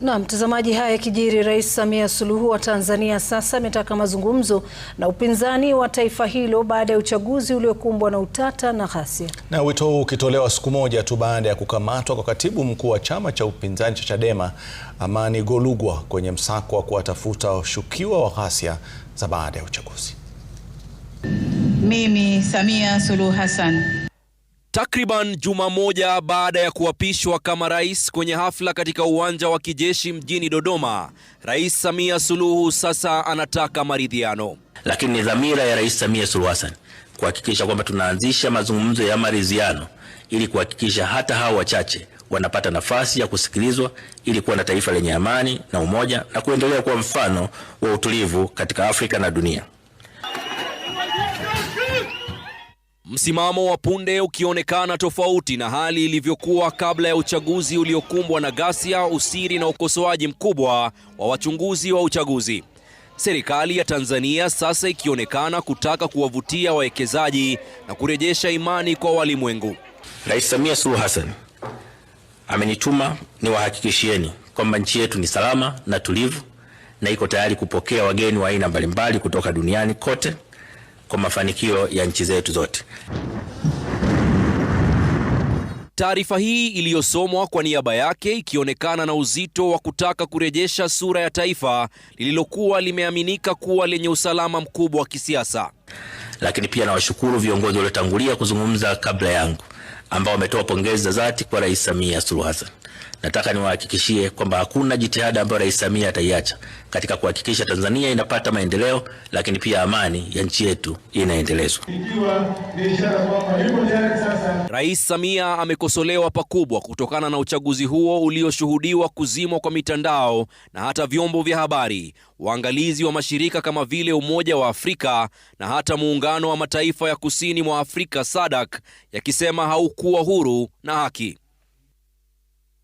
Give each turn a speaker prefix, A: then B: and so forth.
A: Na mtazamaji, haya yakijiri, Rais Samia Suluhu wa Tanzania sasa ametaka mazungumzo na upinzani wa taifa hilo baada ya uchaguzi uliokumbwa na utata na ghasia.
B: Na wito huu ukitolewa siku moja tu baada ya kukamatwa kwa katibu mkuu wa chama cha upinzani cha Chadema Amani Golugwa kwenye msako wa kuwatafuta washukiwa wa ghasia za baada ya uchaguzi.
C: Mimi Samia Suluhu Hassan
D: Takriban juma moja baada ya kuapishwa kama rais kwenye hafla katika uwanja wa kijeshi mjini Dodoma, Rais Samia Suluhu sasa anataka maridhiano.
E: Lakini ni dhamira ya Rais Samia Suluhu Hassan kuhakikisha kwamba tunaanzisha mazungumzo ya maridhiano ili kuhakikisha hata hao wachache wanapata nafasi ya kusikilizwa ili kuwa na taifa lenye amani na umoja na kuendelea kuwa mfano wa utulivu katika Afrika na dunia.
D: Msimamo wa punde ukionekana tofauti na hali ilivyokuwa kabla ya uchaguzi uliokumbwa na ghasia, usiri na ukosoaji mkubwa wa wachunguzi wa uchaguzi. Serikali ya Tanzania sasa ikionekana kutaka kuwavutia wawekezaji na kurejesha imani kwa walimwengu.
E: Rais Samia Suluhu Hassan amenituma niwahakikishieni kwamba nchi yetu ni salama na tulivu na iko tayari kupokea wageni wa aina mbalimbali kutoka duniani kote kwa mafanikio ya nchi zetu zote.
D: Taarifa hii iliyosomwa kwa niaba yake ikionekana na uzito wa kutaka kurejesha sura ya taifa lililokuwa limeaminika kuwa lenye usalama mkubwa wa kisiasa.
E: Lakini pia nawashukuru viongozi waliotangulia kuzungumza kabla yangu ambao wametoa pongezi za dhati kwa Rais Samia Suluhu Hassan. Nataka niwahakikishie kwamba hakuna jitihada ambayo Rais Samia ataiacha katika kuhakikisha Tanzania inapata maendeleo, lakini pia amani ya nchi yetu inaendelezwa.
D: Rais Samia amekosolewa pakubwa kutokana na uchaguzi huo ulioshuhudiwa kuzimwa kwa mitandao na hata vyombo vya habari, waangalizi wa mashirika kama vile Umoja wa Afrika na hata Muungano wa Mataifa ya Kusini mwa Afrika SADC yakisema hau kuwa huru na haki.